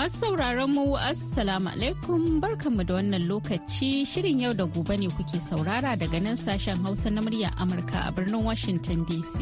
Masu sauraron mu Assalamu alaikum barkanmu da wannan lokaci shirin yau da gobe ne kuke saurara daga nan sashen Hausa na muryar Amurka a birnin Washington DC.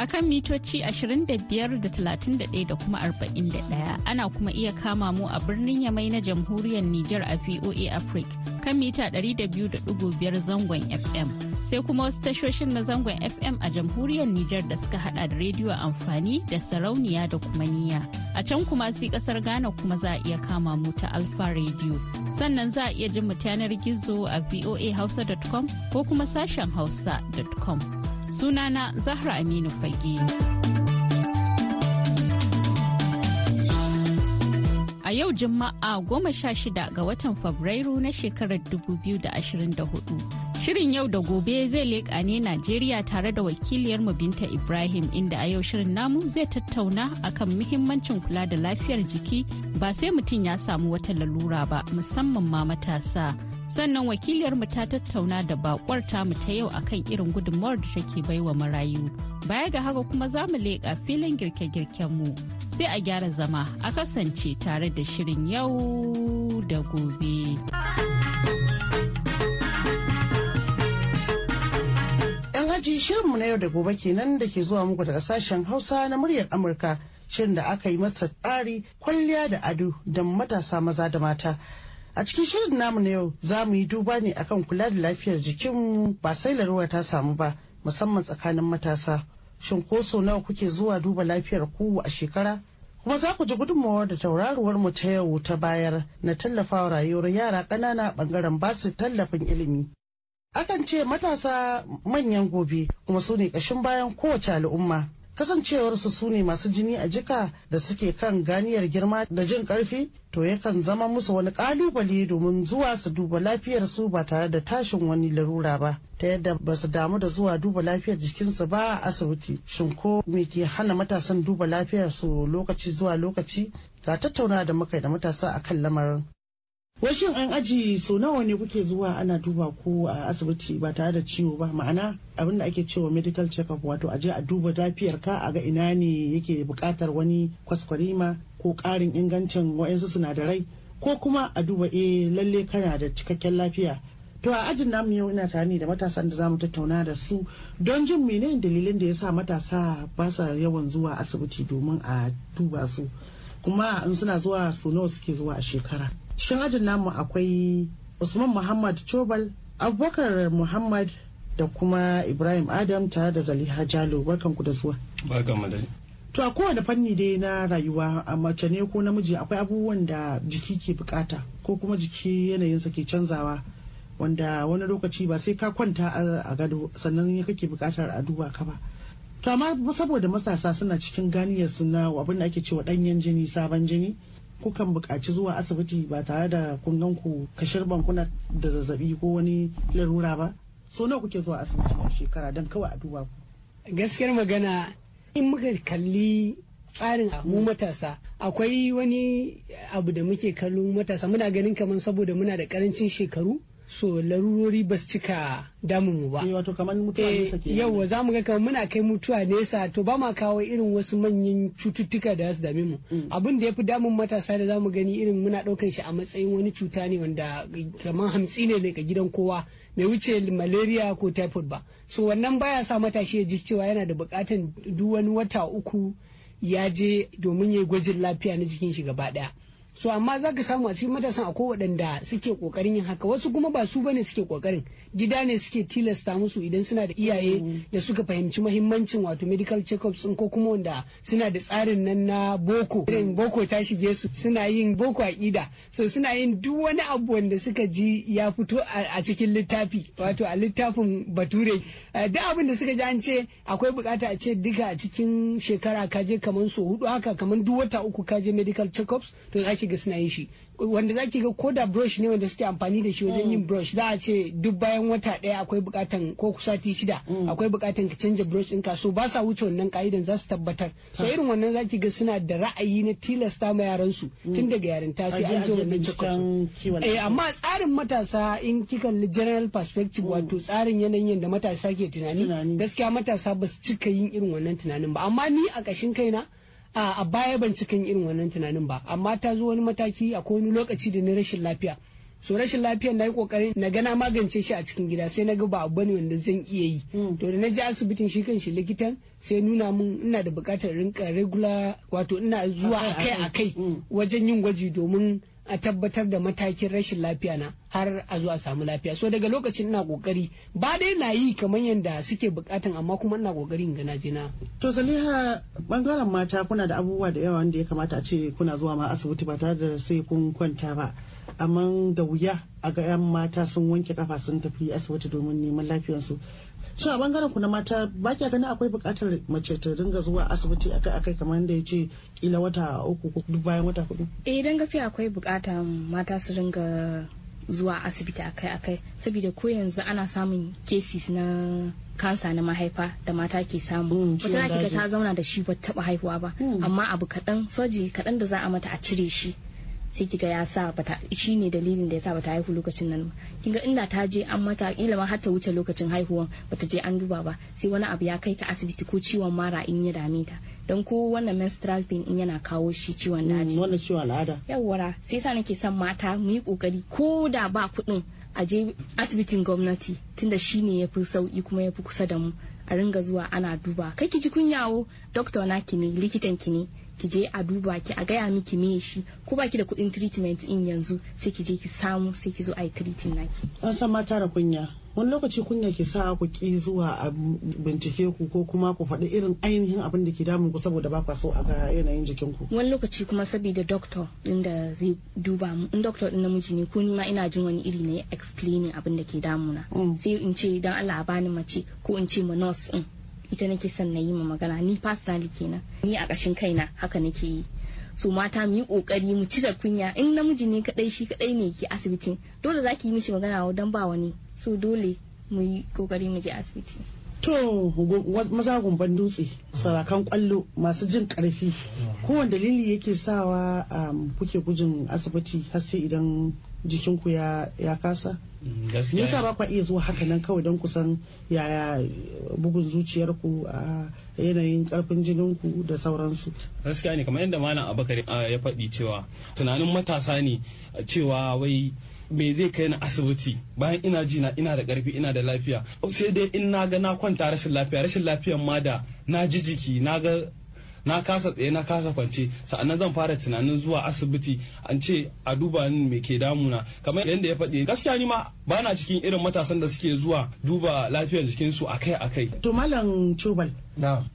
Akan mitoci 25 da 31 da kuma 41 ana kuma iya kama mu a birnin Yamai na jamhuriyar Nijar a VOA Africa kan mita 200.5 zangon FM. sai kuma wasu tashoshin na zangon FM a jamhuriyar Nijar da suka hada da rediyo amfani da sarauniya da kuma niya. A can kuma si kasar Ghana kuma za a iya kama mu ta Alfa Radio. Sannan za a iya jin mu yanar gizo a voahausa.com ko kuma sashen hausa.com. Sunana Zahra Aminu Fage. a yau Juma'a goma sha shida ga watan Fabrairu na shekarar da da 2024. Shirin yau da gobe zai leƙa ne Najeriya tare da wakiliyarmu Binta Ibrahim inda a yau shirin namu zai tattauna akan muhimmancin kula da lafiyar jiki ba sai mutum ya samu wata lalura ba musamman ma matasa. Sannan wakiliyarmu ta tattauna da bakwar tamu ta yau akan irin gudunmawar da take baiwa marayu. Baya ga haka kuma za mu leƙa filin girke-girkenmu sai a gyara zama a kasance tare da shirin yau da gobe. 'yan shirin shirinmu na yau da gobe kenan da ke zuwa muku daga sashen hausa na muryar amurka shirin da aka yi masa tsari kwalliya da ado da matasa maza da mata a cikin shirin namu na yau za mu yi duba ne akan kula da lafiyar jikinmu ba sai larura ta samu ba musamman tsakanin matasa shin ko so nawa kuke zuwa duba lafiyar ku a shekara kuma za ku ji gudunmawar da tauraruwar mu ta yau ta bayar na tallafawa rayuwar yara ƙanana ɓangaren basu tallafin ilimi Akan ce matasa manyan gobe kuma su ne ƙashin bayan kowace al'umma. Kasancewarsu su ne masu jini a jika da suke kan ganiyar girma da jin karfi to yakan zama musu wani ƙalubale domin zuwa su duba lafiyarsu ba tare da tashin wani larura ba. ta yadda ba su damu da zuwa duba lafiyar jikinsu ba a asibiti shin ko me ke hana matasan duba lafiyarsu lokaci zuwa lokaci ga tattauna da muka da matasa akan lamarin shin an aji sau nawa ne kuke zuwa ana duba ko a asibiti ba tare da ciwo ba ma'ana abin da ake cewa medical check-up wato aje a duba lafiyar ka a ga ina ne yake buƙatar wani kwaskwarima ko ƙarin ingancin wa'insu sinadarai ko kuma a duba eh lalle kana da cikakken lafiya To a ajin namu yau ina tare da matasan da zamu tattauna da su don jin menene dalilin da yasa matasa ba sa yawan zuwa asibiti domin a duba su kuma in suna zuwa su nawa suke zuwa a shekara. cikin ajin namu akwai usman muhammad chobal abubakar muhammad da kuma ibrahim adam tare da zaliha jalo ku da zuwa to a kowane fanni dai na rayuwa a mace ne ko namiji akwai abubuwan da jiki ke bukata ko kuma jiki yanayinsa ke canzawa wanda wani lokaci ba sai ka kwanta a gado sannan ya kake bukatar a duba ka ba to amma saboda matasa suna cikin ganiyar suna abin da ake cewa danyen jini sabon jini kukan bukaci zuwa asibiti ba tare da kun gan ku kashir bankuna da zazzabi ko wani larura ba so nawa kuke zuwa asibiti a shekara don kawai a duba ku gaskiyar magana in muka kalli tsarin mu matasa akwai wani abu da muke kallon matasa muna ganin kamar saboda muna da karancin shekaru so larurori ba su cika damun mu ba. Eh, wato kamar mutuwa eh, nesa ke za mu ga kamar muna kai mutuwa nesa to ba ma kawo irin wasu manyan cututtuka da su dame mu. Mm. Abin da ya fi damun matasa da za mu gani irin muna ɗaukan shi a matsayin wani cuta ne wanda kamar hamsi ne ga gidan kowa. mai wuce malaria ko typhoid ba so wannan baya sa matashi ya ji cewa yana da bukatan duk wani wata uku ya je domin ya gwajin lafiya na jikin shi gaba ɗaya. so amma za ka samu a cikin matasan akwai waɗanda suke ƙoƙarin yin haka wasu kuma ba su bane suke ƙoƙarin gida ne suke tilasta musu idan suna da iyaye da suka fahimci mahimmancin wato medical check ko kuma wanda suna da tsarin nan na boko irin boko ta shige su suna yin boko a kida so suna yin duk wani abu wanda suka ji ya fito a cikin littafi wato a littafin bature eh, duk abin da suka ji an ce akwai bukata a ce duka a cikin shekara ka je kamar so hudu haka kamar duk wata uku ka je medical check to za ki ga suna yin shi wanda zaki ga ko da brush ne wanda suke amfani da shi wajen mm. yin brush za a ce duk bayan wata ɗaya akwai bukatan ko sati shida mm. akwai bukatan ka canja brush ka so ba sa wuce wannan ka'idan za su tabbatar so irin wannan zaki ga suna da ra'ayi na tilasta ma yaran su mm. tun daga yarinta sai an je wannan cikon eh amma tsarin matasa in kika general perspective wato tsarin yanayin da matasa ke tunani gaskiya matasa ba su cika yin irin wannan tunanin ba amma ni a ƙashin kaina a baya ban cikin irin wannan tunanin ba amma ta zo wani mataki akwai wani lokaci da na rashin lafiya so rashin lafiyar na yi kokarin na gana magance shi a cikin gida sai na ga ba abu wanda zan iya yi hmm. to da na je asibitin shi kan shi likitan sai nuna mun ina da bukatar rinka regular wato ina zuwa akai akai hmm. wajen yin gwaji domin a tabbatar da matakin rashin lafiya na har a zuwa samu lafiya so daga lokacin ina kokari ba dai na yi kamar yadda suke bukatan amma kuma ina kokarin gana na to to saliha bangaren mata kuna da abubuwa da yawa wanda ya kamata a ce kuna zuwa ma asibiti ba tare da sai kun kwanta ba Aman da wuya a ga 'yan mata sun wanke kafa sun tafi asibiti domin neman lafiyarsu shi a bangaren ku na mata ba kya ganin akwai buƙatar mace ta dinga zuwa asibiti akai akai kamar da ya ce kila wata uku ko duk bayan wata hudu eh dan gaskiya akwai buƙatar mata su dinga zuwa asibiti akai akai saboda ko yanzu ana samun cases na kansa na mahaifa da mata ke samu mm, wata ga ta zauna da shi ba taba haihuwa ba mm. amma abu kaɗan soji kaɗan da za a mata a cire shi sai kiga ya sa bata shi ne dalilin da ya sa bata haihu lokacin nan kinga inda ta je an mata kila ma har ta wuce lokacin haihuwan bata je an duba ba sai wani abu ya kai ta asibiti ko ciwon mara in ya dame ta don ko wannan menstrual pain in yana kawo shi ciwon mm, daji wannan ciwon al'ada yawwara sai sa nake son mata mu yi kokari ko da ba kuɗin a je asibitin gwamnati tunda shi ya fi sauki kuma ya fi kusa da mu a ringa zuwa ana duba kai ki ji kunyawo doktor naki ne likitan ki ne ki je a duba ki a gaya miki me shi ko baki da kuɗin treatment in yanzu sai ki je ki samu sai ki zo a yi treating naki an san mata da kunya wani lokaci kunya ki sa ku ki zuwa a bincike ku ko kuma ku faɗi irin ainihin abin da ke damun ku saboda ba kwa a ga yanayin jikin ku wani lokaci kuma saboda doctor din da zai duba mu in doctor din namiji ne ko ni ina jin wani iri ne explaining abin da ke damuna mm. sai in ce dan Allah a bani mace ko in ce ma nurse din ita nake son na yi ma magana ni personally kenan ni a ƙashin kaina haka nake yi so mata mu yi kokari mu cire kunya in namiji ne kaɗai shi kaɗai ne ke asibitin dole zaki yi mishi magana don ba wani so dole mu yi kokari mu je asibiti To maza gumban dutse sarakan kwallo masu jin karfi kowane dalili yake sawa um, kuke gujin asibiti har sai idan jikinku ya kasa? Me sa ba iya zuwa haka nan kawai don kusan yaya bugun zuciyarku a yanayin karfin jininku da sauransu. Gaskiya ne kamar yadda Malam Abakar ya faɗi cewa tunanin matasa ne cewa wai me zai kai ni asibiti bayan ina ji na ina da karfi ina da lafiya sai dai in na ga na kwanta rashin lafiya rashin lafiya ma da na ji jiki na ga na kasa tsaye na kasa kwance sa'annan zan fara tunanin zuwa asibiti an ce a duba ni me ke damuna kamar yadda ya faɗi gaskiya ni ma bana cikin irin matasan da suke zuwa duba lafiyar jikinsu akai-akai to malam cobal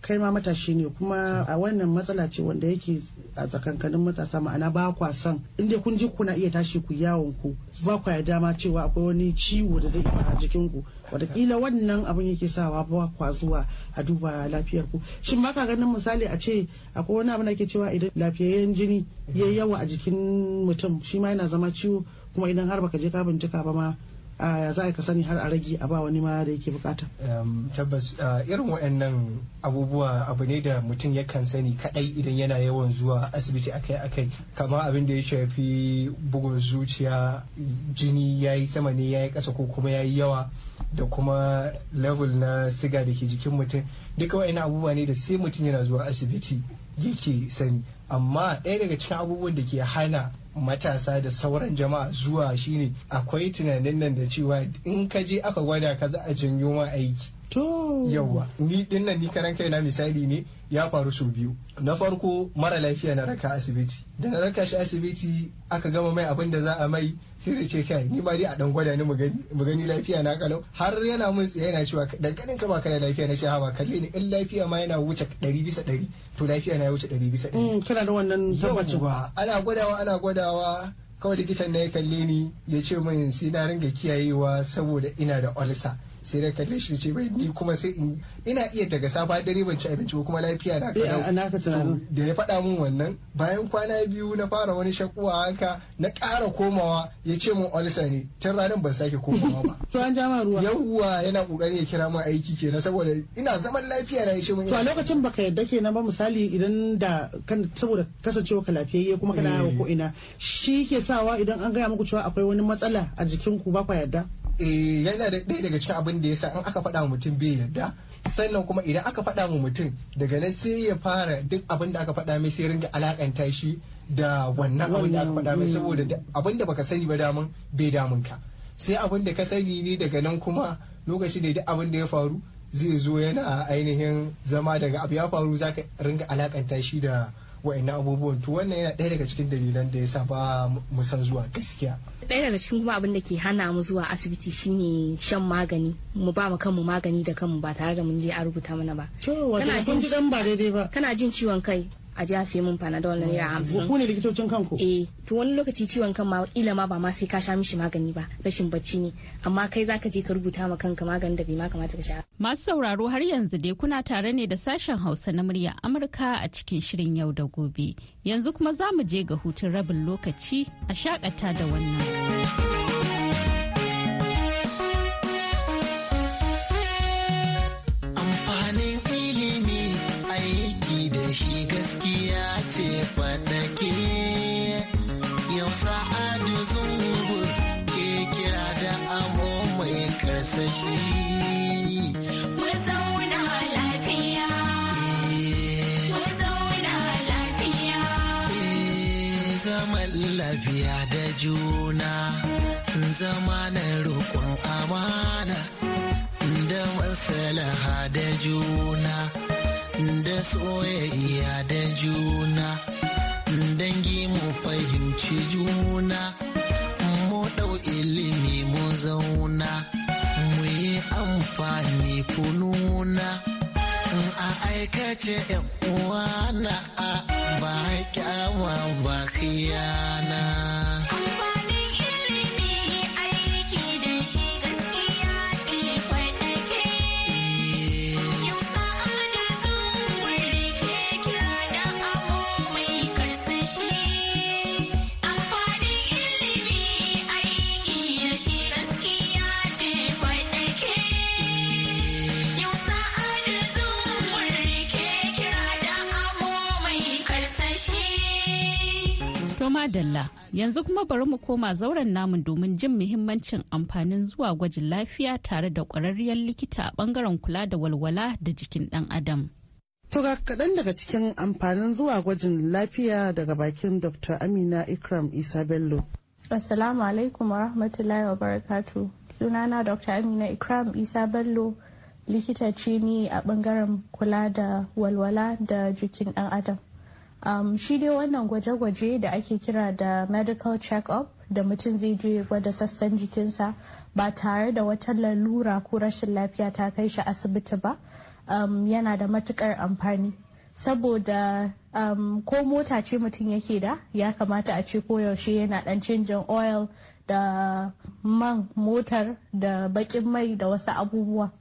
kai ma matashi ne kuma a wannan matsala ce wanda yake a tsakankanin matasa ma'ana ba kwa san inda kun ji kuna iya tashi ku yawon ku ba kwa ya dama cewa akwai wani ciwo da zai iya a jikin ku wataƙila wannan abin yake sawa ba kwa zuwa a duba lafiyar ku shin ba ka ganin misali a ce akwai wani abin da ke cewa idan lafiyayyen jini ya yawa a jikin mutum shi ma yana zama ciwo kuma idan har baka je ka bincika ba ma a za a ka sani har a rage a ba wani ma da yake bukata tabbas irin waɗannan abubuwa abu ne da mutum yakan sani kaɗai idan yana yawan zuwa asibiti akai-akai kama abin da ya shafi bugun zuciya jini ya yi sama ne ya yi ƙasa ko kuma ya yi yawa da kuma level na siga da ke jikin mutum duka waɗannan abubuwa ne da sai mutum yana zuwa asibiti yake sani amma ɗaya daga cikin abubuwan da ke hana matasa da sauran jama'a zuwa shine akwai tunanin nan da cewa in ka je aka gwada ka za a janyo ma aiki To. Yawwa, ni dinnan ni karan na misali ne ya faru sau biyu na farko mara lafiya na raka asibiti da na raka shi asibiti aka gama mai abin da za a mai sai zai ce kai ni ma dai a dan gwada ni mu gani lafiya na kalau har yana mun tsaye yana cewa dan kadin ka ba kana lafiya na ce ha ba kalle ni in lafiya ma yana wuce 100 bisa to lafiya na ya wuce 100 bisa mm, kana da wannan tabbaci ba ana gwadawa ana gwadawa kawai likitan na ya kalle ni ya ce min sai na ringa kiyayewa saboda ina da ulcer sai da kalle shi ce bai ni kuma sai in ina iya daga safa dare ban ci abinci ko kuma lafiya na eh, ka da ya faɗa min wannan bayan kwana biyu na fara wani shakuwa haka na ƙara komawa ya ce min olsa ne tun ranar ban sake komawa ba to an jama ruwa yawwa yana kokari ya kira min aiki na saboda ina zaman lafiya na ya ce min to a lokacin baka yadda kenan ba misali idan da kan saboda kasancewa ka lafiyayye kuma kana yawo eh. ko ina shi ke sawa idan an gaya muku cewa akwai wani matsala a jikin ku ba ku yarda eh yana da ɗaya daga cikin abin da ya sa in aka faɗa mutum bai yarda sannan kuma idan aka faɗa wa mutum daga nan sai ya fara duk abin da aka faɗa mai sai ringa alakanta shi da wannan abin da aka faɗa mai saboda mm. abin da baka sani ba damun bai damun ka sai abin da ka sani ne daga nan kuma lokaci ne duk abin da ya faru zai zo yana ainihin zama daga abu ya faru zaka ringa alakanta shi da wa'annan abubuwan to wannan yana ɗaya daga cikin dalilan da ya sa ba mu san zuwa gaskiya ɗaya daga cikin kuma abin da ke hana mu zuwa asibiti shine shan magani mu ba mu kanmu magani da kanmu ba tare da mun je a rubuta mana ba kana jin ciwon kai a ji sai mun panadol na naira hamsin. Ku ne likitocin kanku? Eh, to wani lokaci ciwon kan ma kila ma ba ma sai ka sha mishi magani ba, rashin bacci ne. Amma kai za ka je ka rubuta ma kanka maganin da bai ma kamata ka sha. Masu sauraro har yanzu dai kuna tare ne da sashen Hausa na murya Amurka a cikin shirin yau da gobe. Yanzu kuma za mu je ga hutun rabin lokaci a shakata da wannan. juna da soyayya da juna dangi mu fahimci juna mu ɗau ilimi mu zauna mu yi amfani kununa a aikace na a ba kyawa ba khiyana. yanzu kuma bari mu koma zauren namun domin jin muhimmancin amfanin zuwa gwajin lafiya tare da kwararriyar likita a bangaren kula da walwala da jikin ɗan adam. To ga kaɗan daga cikin amfanin zuwa gwajin lafiya daga bakin Dr. Amina Ikram Isa Bello. Assalamu alaikum wa rahmatullahi wa barakatu. Sunana Dr. Amina Ikram Isa Bello likita ce ni a bangaren kula da walwala da jikin ɗan adam. um, shi dai wannan gwaje-gwaje da ake kira da medical check-up da mutum zai je gwada sassan jikinsa ba tare da wata lalura ko rashin lafiya ta kai shi asibiti ba um, yana da matukar amfani saboda um, ko mota ce mutum yake da ya kamata a ce koyaushe yana dan canjin oil da man motar da bakin mai da wasu abubuwa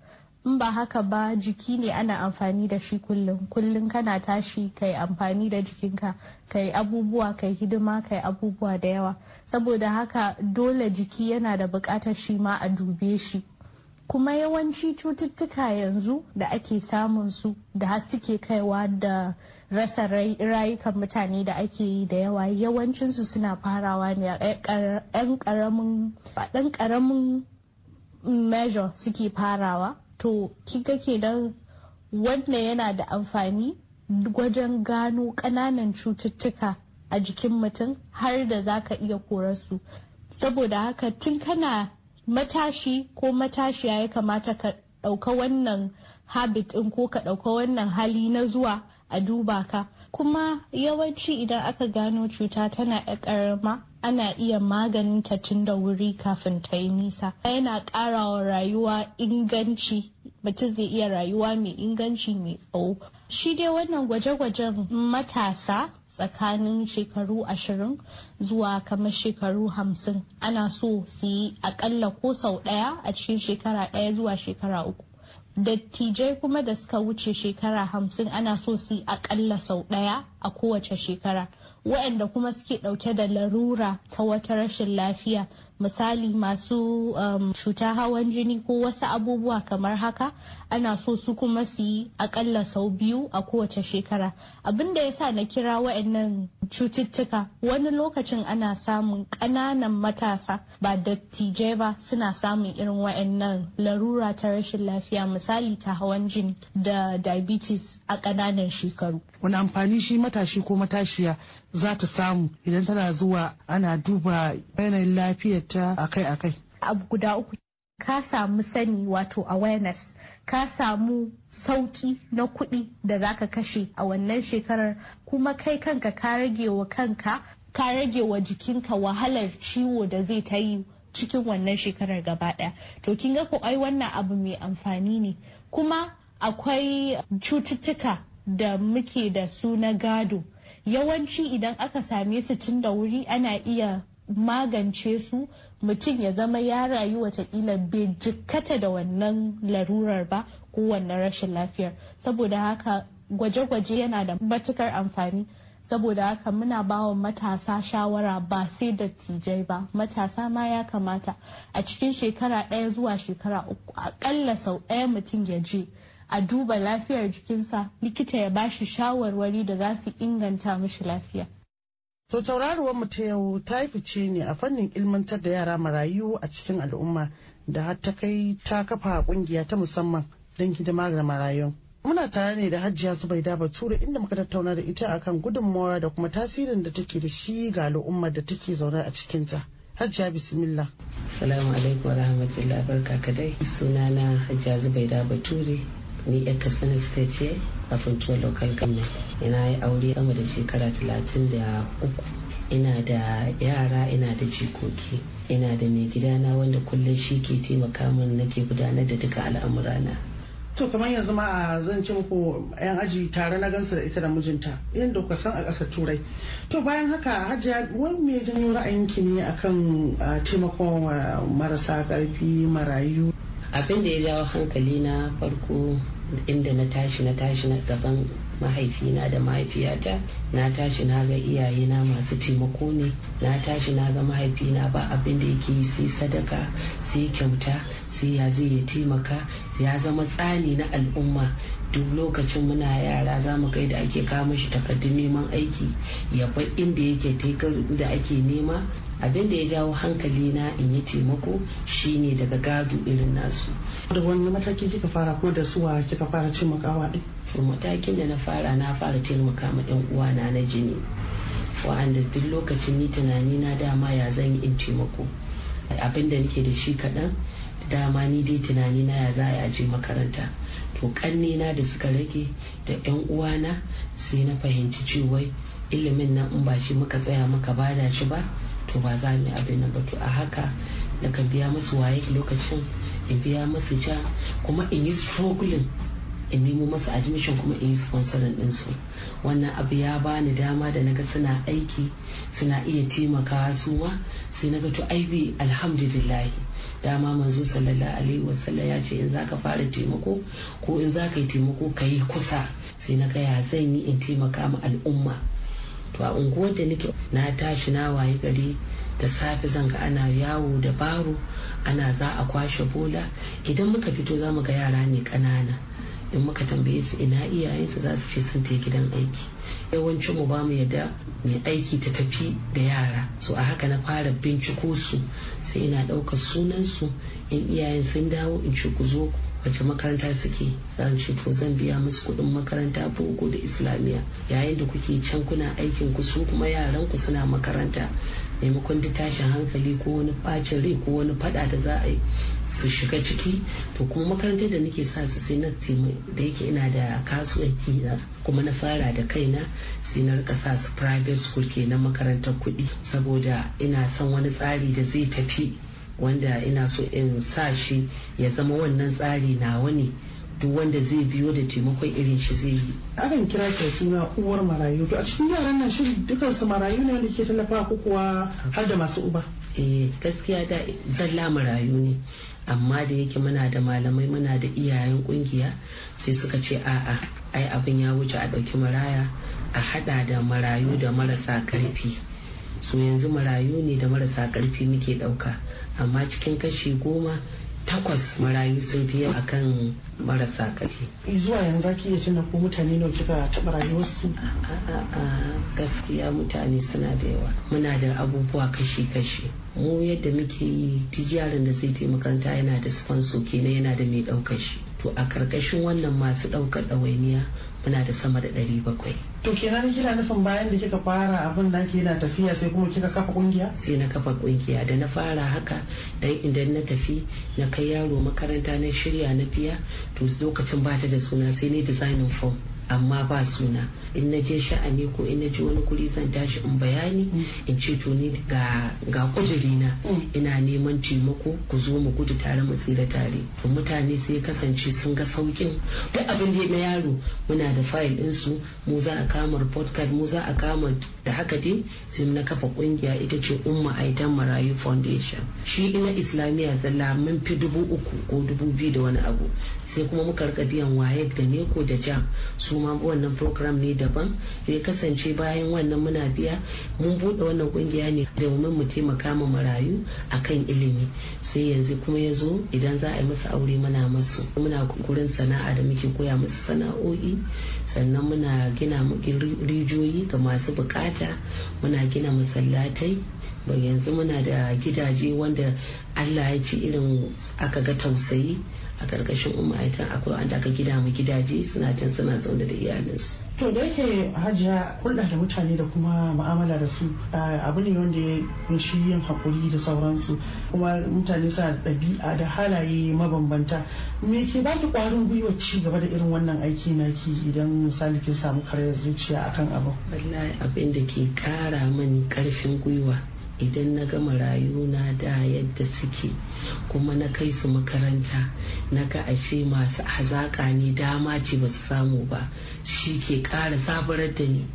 in ba haka ba jiki ne ana amfani da shi kullum kullum kana tashi kai amfani da jikinka kai abubuwa kai hidima kai abubuwa da yawa saboda haka dole jiki yana da bukatar shi ma a dube shi kuma yawanci cututtuka yanzu da ake samun su da har suke kaiwa da rasa rayukan mutane da ake yi da yawa yawancinsu suna farawa ne a ɗan ƙaramin measure suke farawa to kika kenan wannan yana da amfani wajen gano ƙananan cututtuka a jikin mutum har da za ka iya korarsu saboda haka tun kana matashi ko matashiya ya kamata ka ɗauka wannan habit ɗin ko ka ɗauka wannan hali na zuwa a duba ka kuma yawanci idan aka gano cuta tana ƙarama ana iya maganin ta tun da wuri kafin ta yi nisa yana ƙara wa rayuwa inganci mutum zai iya rayuwa mai inganci mai tsawo shi dai wannan gwaje-gwajen matasa tsakanin shekaru ashirin zuwa kamar shekaru hamsin ana so su yi akalla ko sau ɗaya a cikin shekara ɗaya zuwa shekara uku dattijai kuma da suka wuce shekara hamsin ana so su yi akalla sau ɗaya a kowace shekara waɗanda kuma suke ɗauke da larura ta wata rashin lafiya misali masu um, cuta hawan jini ko wasu abubuwa kamar haka ana so su kuma su yi akalla sau biyu a kowace shekara abin da ya sa na kira wa'annan cututtuka wani lokacin ana samun ƙananan matasa ba dattijai ba suna samun irin wa'annan larura ta rashin lafiya misali ta hawan jini da diabetes a ƙananan shekaru wani amfani shi matashi ko matashiya za ta samu idan tana zuwa ana duba yanayin lafiyar ita akai-akai? Abu guda uku ka samu sani wato awareness ka samu sauki na kuɗi da zaka kashe a wannan shekarar kuma kai kanka ka rage wa kanka ka rage wa jikinka wahalar ciwo da zai ta yi cikin wannan shekarar gaba ɗaya to kin ga ku ai wannan abu mai amfani ne kuma akwai cututtuka da muke da su na gado yawanci idan aka same su tun da wuri ana iya magance su mutum ya zama ya rayu watakila bai jikkata da wannan larurar ba ko wannan rashin lafiyar saboda haka gwaje-gwaje yana da matukar amfani saboda haka muna bawa matasa shawara ba sai dattijai ba matasa ma ya kamata a cikin shekara ɗaya zuwa shekara uku akalla sau ɗaya mutum ya je a duba lafiyar jikinsa likita ya bashi shawarwari da za su inganta mishi lafiya To tauraruwar mu ta yau ta yi fice ne a fannin ilmantar da yara marayu a cikin al'umma da har ta kai ta kafa kungiya ta musamman don hidima ga marayu Muna tare ne da hajjiya Zubaida Bature inda muka tattauna da ita akan gudunmawa da kuma tasirin da take da shi ga al'ummar da take zaune a cikinta. hajjiya Bismillah. Assalamu alaikum wa rahmatullahi barka kadai. Sunana hajjiya Zubaida Bature ni yar katsina state ce a funtuwar local government ina yi aure sama da shekara talatin da uku ina da yara ina da jikoki ina da mai gidana wanda kullum shi ke taimaka min nake gudanar da duka al'amurana to kamar yanzu ma a zan ci muku yan aji tare na gansa da ita da mijinta yadda da san a ƙasar turai to bayan haka hajiya wani mai janyo ra'ayinki ne akan taimakon marasa karfi marayu abin da ya jawo hankali na farko inda na tashi na tashi na gaban mahaifina da mahaifiyata na tashi na ga iyayena masu taimako ne na tashi na ga mahaifina ba abin da yake yi sai sadaka sai kyauta sai ya zai ya taimaka ya zama tsani na al'umma duk lokacin muna yara za mu kai da ake kama shi takardun neman aiki ya bar inda yake taikar da ake nema abin da ya jawo hankali na in yi taimako shine daga gado irin nasu da wani mataki kika fara ko da suwa kika fara makawa din matakin da na fara na fara taimaka ma yan uwana na jini wa'anda duk lokacin ni tunani na dama ya zan yi in taimako abin da nake da shi kaɗan dama ni dai tunani na ya za a je makaranta to kanne na da suka rage da yan na sai na fahimci cewa ilimin nan in ba shi muka tsaya muka bada shi ba to ba za mu abin nan ba to a haka daga biya musu waye lokacin in biya musu ja kuma in yi struggling in nemo masu admission kuma in yi sponsorin su. wannan abu ya bani dama da naga suna aiki suna iya taimakawa su ma sai naga to aibi alhamdulillahi dama manzo sallallahu alaihi wasallam ya ce in zaka fara taimako ko in zaka yi taimako ka yi kusa sai naga ya zan yi in taimaka ma al'umma to a unguwar da nake na tashi na waye gari da safe zan ga ana yawo da baro ana za a kwashe bola idan muka fito za mu ga yara ne kanana in muka tambaye su ina iyayensu za su ce sun ta gidan aiki yawancin mu ba mu yadda mai aiki ta tafi da yara so a haka na fara binciko su sai ina ɗaukar sunan su in iyayen sun dawo in ce ku zo wace makaranta suke zan ce to zan biya musu kuɗin makaranta boko da islamiyya yayin da kuke can kuna aikin ku su kuma yaran ku suna makaranta maimakon ta tashin hankali ko wani bacin rai ko wani fada da za a su shiga ciki to kuma makarantar da nake sa su sai na da yake ina da kasuwanci na kuma na fara da kaina sai na rika sa su private school ke na makarantar kuɗi saboda ina son wani tsari da zai tafi wanda ina so in sa shi ya zama wannan tsari na wani. duk wanda zai biyo da taimakon irin shi zai yi. Akan kira ta suna uwar marayu to a cikin yaran nan shirin dukansu marayu ne wanda ke tallafa ko kuwa har da masu uba. Eh gaskiya da zalla marayu ne amma da yake muna da malamai muna da iyayen kungiya sai suka ce a'a ai abin ya wuce a ɗauki maraya a haɗa da marayu da marasa ƙarfi So yanzu marayu ne da marasa ƙarfi muke ɗauka amma cikin kashi goma takwas marayu sun biya kan marasa kafi. zuwa yanzu ki iya tuna ko mutane nawa kika taɓa rayuwarsu gaskiya mutane suna da yawa muna da abubuwa kashi-kashi mu yadda muke yi duk yaran da zai je makaranta yana da sponsor kenan yana da mai ɗaukar shi to a karkashin wannan masu ɗaukar ɗawainiya muna da sama da ɗari bakwai. To kenan kina nufin bayan da kika fara abin da ke na tafiya sai kuma kika kafa kungiya? Sai na kafa kungiya da na fara haka dan idan na tafi na kai yaro makaranta na shirya na fiya to lokacin bata da suna sai ne designing form. amma ba suna in na je sha'ani ko in na je wani kuri zan tashi in bayani mm. in ce to ni ga ga na mm. ina neman taimako ku zo mu gudu tare mu tsira tare to mutane sai kasance sun ga saukin duk abin da na yaro muna da fayil ɗinsu mu za a kama report card mu za a kama da haka dai sai na kafa kungiya ita ce umma aidan marayu foundation shi ina islamiyya zalla mun fi dubu uku ko dubu biyu da wani abu sai kuma muka rika biyan waye da neko da jam su ma wannan program ne daban ya kasance bayan wannan muna biya mun bude wannan kungiya ne da domin mu taimaka ma marayu akan ilimi sai yanzu kuma ya zo idan za a yi masa aure muna masu muna gurin sana'a da muke koya masu sana'o'i sannan muna gina rijiyoyi ga masu bukata muna gina masallatai yanzu muna da gidaje wanda allah ya ci irin aka ga tausayi a karkashin umma aitan akwai wanda aka gida mu gidaje suna can suna zaune da iyalinsu to da yake hajiya hulɗa da mutane da kuma ma'amala da su abu ne wanda ya kunshi yin haƙuri da sauransu kuma mutane suna ɗabi'a da halaye mabambanta me ke baki ƙwarin gwiwa ci gaba da irin wannan aiki naki idan misali kin samu karyar zuciya akan abu wallahi abin da ke ƙara min ƙarfin gwiwa idan na gama na da yadda suke kuma na kai su makaranta na ga ashe masu hazaƙa ne dama ce ba su samu ba shi ke ƙara sabarar da ni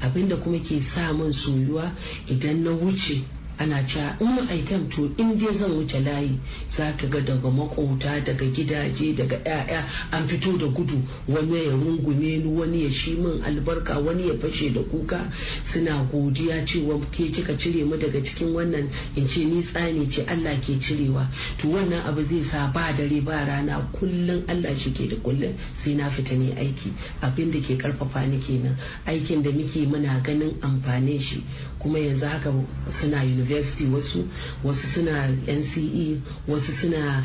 abinda kuma ke sa min soyuwa idan na wuce ana cewa in item to in dai zan wuce layi za ka ga daga makota daga gidaje daga 'ya'ya an fito da gudu wani ya rungume ni wani ya shi min albarka wani ya fashe da kuka suna godiya cewa ke kika cire mu daga cikin wannan in ce ni tsani ce Allah ke cirewa to wannan abu zai sa ba dare ba rana kullum Allah shi ke da kullum sai na fita ne aiki abin da ke karfafa ni kenan aikin da muke muna ganin amfanin shi kuma yanzu haka suna yi university wasu wasu suna nce wasu suna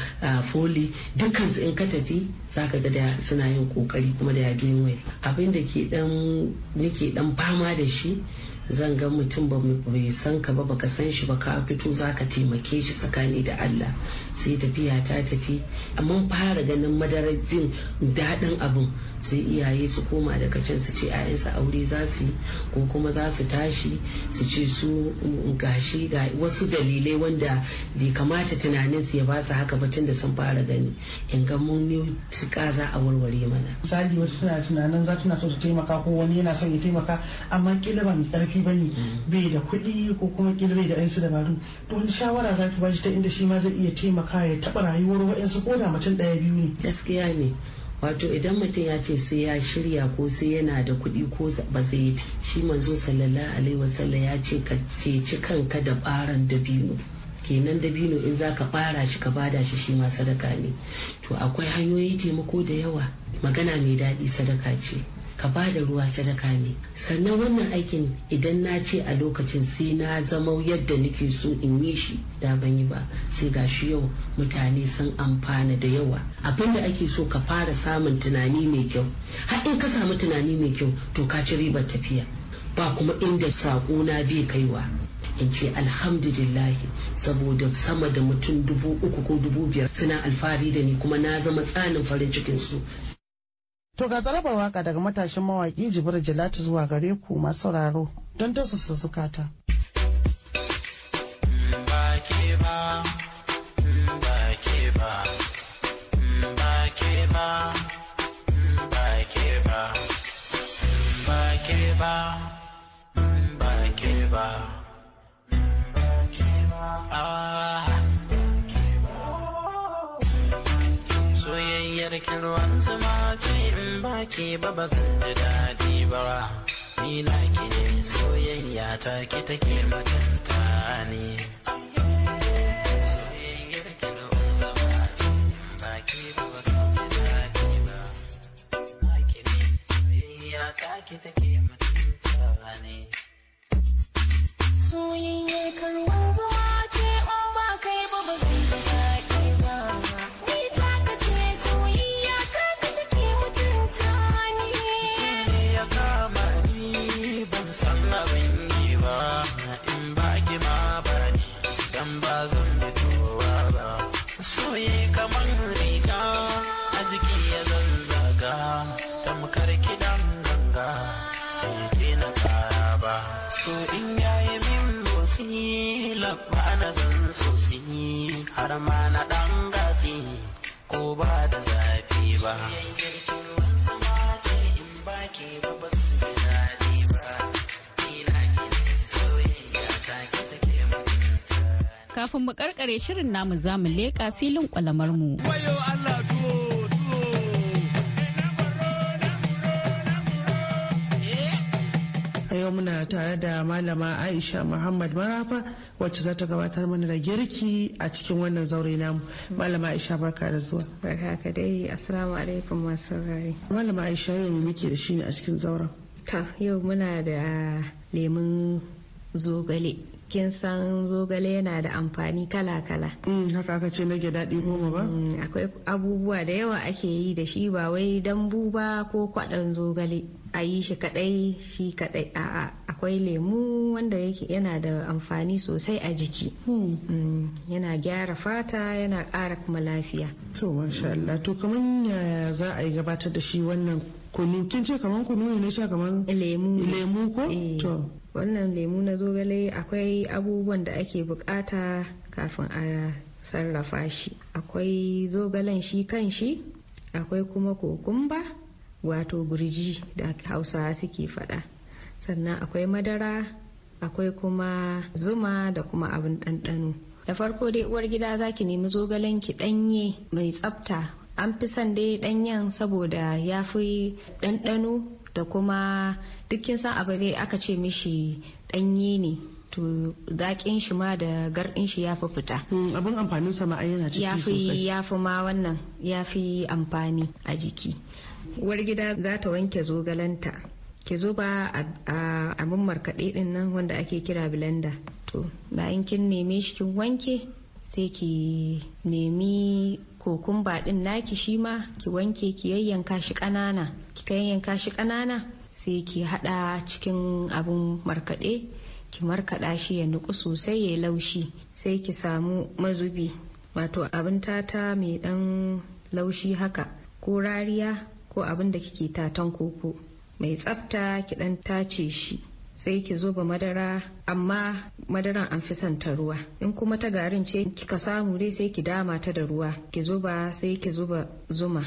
foli dukkan in ka tafi zaka ga suna yin kokari kuma da ya well abin da ke dan nake dan fama da shi zan ga mutum ba mai san ka ba baka san shi ba ka fito zaka taimake shi tsakani da Allah sai tafiya ta tafi amma fara ganin madarajin jin daɗin abin sai iyaye su koma daga can su ce 'ya'yansu aure za su yi ko kuma za su tashi su ce su mm, gashi ga wasu dalilai wanda bai kamata tunanin su ya ba su haka ba tunda sun fara gani in ga mun ne za a warware mana misali wata tana tunanin za tana so ta taimaka ko wani yana son ya taimaka amma kila ba mai karfi bane mm. bai da kuɗi ko kuma kila bai da ɗansu dabaru to wani shawara za ki ba shi ta inda shi ma zai iya taimaka ya taɓa rayuwar wa'insu ko da mutum ɗaya biyu ne gaskiya ne wato idan mutum ya ce sai ya shirya ko sai yana da kuɗi ko ba zai yi shi manzo sallallahu alaihi wasallam ya ce ka ceci kanka da ɓaran dabino kenan dabino in za ka ɓara shi ka bada shi shi ma sadaka ne to akwai hanyoyi taimako da yawa magana mai daɗi sadaka ce ka ba da ruwa sadaka ne sannan wannan aikin idan na ce a lokacin sai na zama yadda nake so in yi shi da ban yi ba sai ga shi yau mutane sun amfana da yawa abinda ake so ka fara samun tunani mai kyau har in ka samu tunani mai kyau to ka ci ribar tafiya ba kuma inda sako na bai kaiwa in ce alhamdulillahi saboda sama da mutum dubu uku ko dubu biyar suna alfahari da ni kuma na zama tsanin farin cikin su To ga zarabar waka daga matashin mawaƙi Jibril Jalatu zuwa gare ku masu sauraro don tausasa zukata. Soyayyar kirwan zama ce in baki ba zan ji daɗi ba ni na ke soyayya ta ki take matanta ne soyayyar ba ne soyayya take matanta ne zama ba in ba ki ma ba dan ba zan fitowa ba soye kamar riga a jiki ya zanzaga tamkar kiɗan ganga bai na kara ba so in yayi min motsi labba na zan sosi har ma na ɗan gasi ko ba da zafi ba. Yayyar kiwon sama ce in ba ke ba basu kafin mu karkare shirin namu za mu leƙa filin kwalamar mu. yau muna tare da malama aisha muhammad marafa wacce za ta gabatar mana da girki a cikin wannan zaure namu malama aisha barka da zuwa barka ka dai assalamu alaikum masu rari malama aisha yau mu muke da shi ne a cikin zauren ta yau muna da lemun zogale kin san zogale yana da amfani kala-kala. Mm, haka aka ce rage daɗi goma ba? Mm, akwai abubuwa da yawa ake yi da shi ba wai dambu ba ko kwaɗon zogale a yi shi kaɗai shi kaɗai a'a akwai lemu wanda yana da amfani sosai a jiki hmm. mm, yana gyara fata yana ƙara kuma lafiya. to masha Allah to kamar yaya za a yi gabatar da shi wannan kunu kin ce kaman kunu ne sha kaman lemu lemu ko eh, to wannan lemu na zogale akwai abubuwan da ake bukata kafin a sarrafa shi akwai zogalen shi kan shi akwai kuma kokumba wato gurji da hausa suke faɗa sannan akwai madara akwai kuma zuma da kuma abin ɗanɗano da farko dai uwar gida za ki nemi zogalen ki ɗanye mai tsafta an fi son dai ɗanyen saboda ya fi ɗanɗano da kuma dukkin san abu dai aka ce mishi ɗanye ne to zaƙin shi ma da garɗin shi ya fi fita. Hmm, abin amfanin sa ma yana ciki sosai. Ya fi ma wannan ya fi amfani a jiki. Uwar gida za ta wanke zogalanta. Ki zuba a abin markaɗe ɗin nan wanda ake kira blender. To bayan kin neme shi kin wanke sai ki nemi kokumba din naki shi ma ki wanke ki yayyanka shi ƙanana ki yayyanka shi ƙanana sai ki haɗa cikin abun markaɗe ki markaɗa shi ya nuku sosai ya laushi sai ki samu mazubi wato abin tata mai ɗan laushi haka ko rariya ko abin da kike tatan koko mai tsafta ki ɗan tace shi sai ki zuba madara amma madaran an fi son ta ruwa in kuma ta garin ce kika samu dai sai ki dama ta da ruwa ki zuba sai ki zuba zuma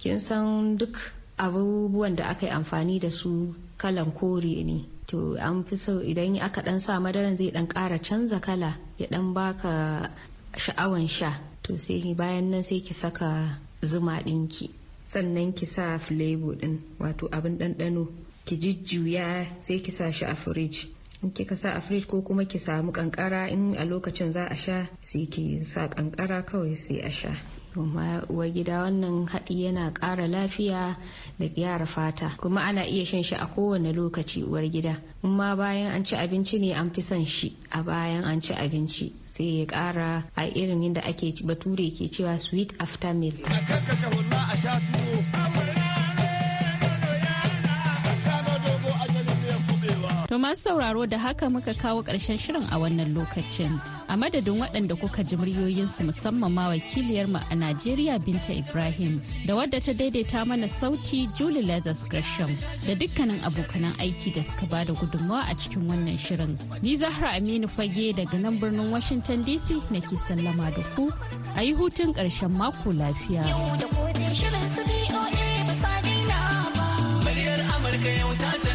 kin san duk abubuwan da aka yi amfani da su kalan kore ne to an fi so idan aka dan sa madaran zai dan kara canza kala ya dan baka sha'awan sha to sai bayan nan sai ki saka zuma dinki sannan ki sa flavor din wato abin ɗanɗano ki jujjuya sai ki sa shi a firij in kika sa a firij ko kuma ki samu kankara in a lokacin za a sha sai ki sa kankara kawai sai a sha kuma uwar gida wannan haɗi yana ƙara lafiya da gyara fata kuma ana iya shan shi a kowane lokaci uwar gida ma bayan an ci abinci ne an fi son shi a bayan an ci abinci sai ya ƙara a irin yadda ake bature ke cewa sweet after meal To masu sauraro da haka muka kawo ƙarshen shirin a wannan lokacin. A madadin waɗanda kuka ji muryoyinsu musamman ma wakiliyarmu a Najeriya Binta Ibrahim da wadda ta daidaita mana sauti Julie Leathers Gresham da dukkanin abokanan aiki da suka ba da gudunmawa a cikin wannan shirin. Ni Zahra Aminu Fage daga nan birnin Washington DC nake sallama da ku a yi hutun karshen mako lafiya. Yau da shirin su ba. Muryar Amurka yau ta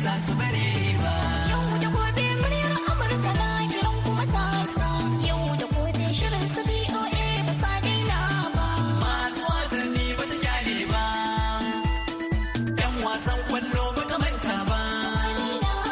was I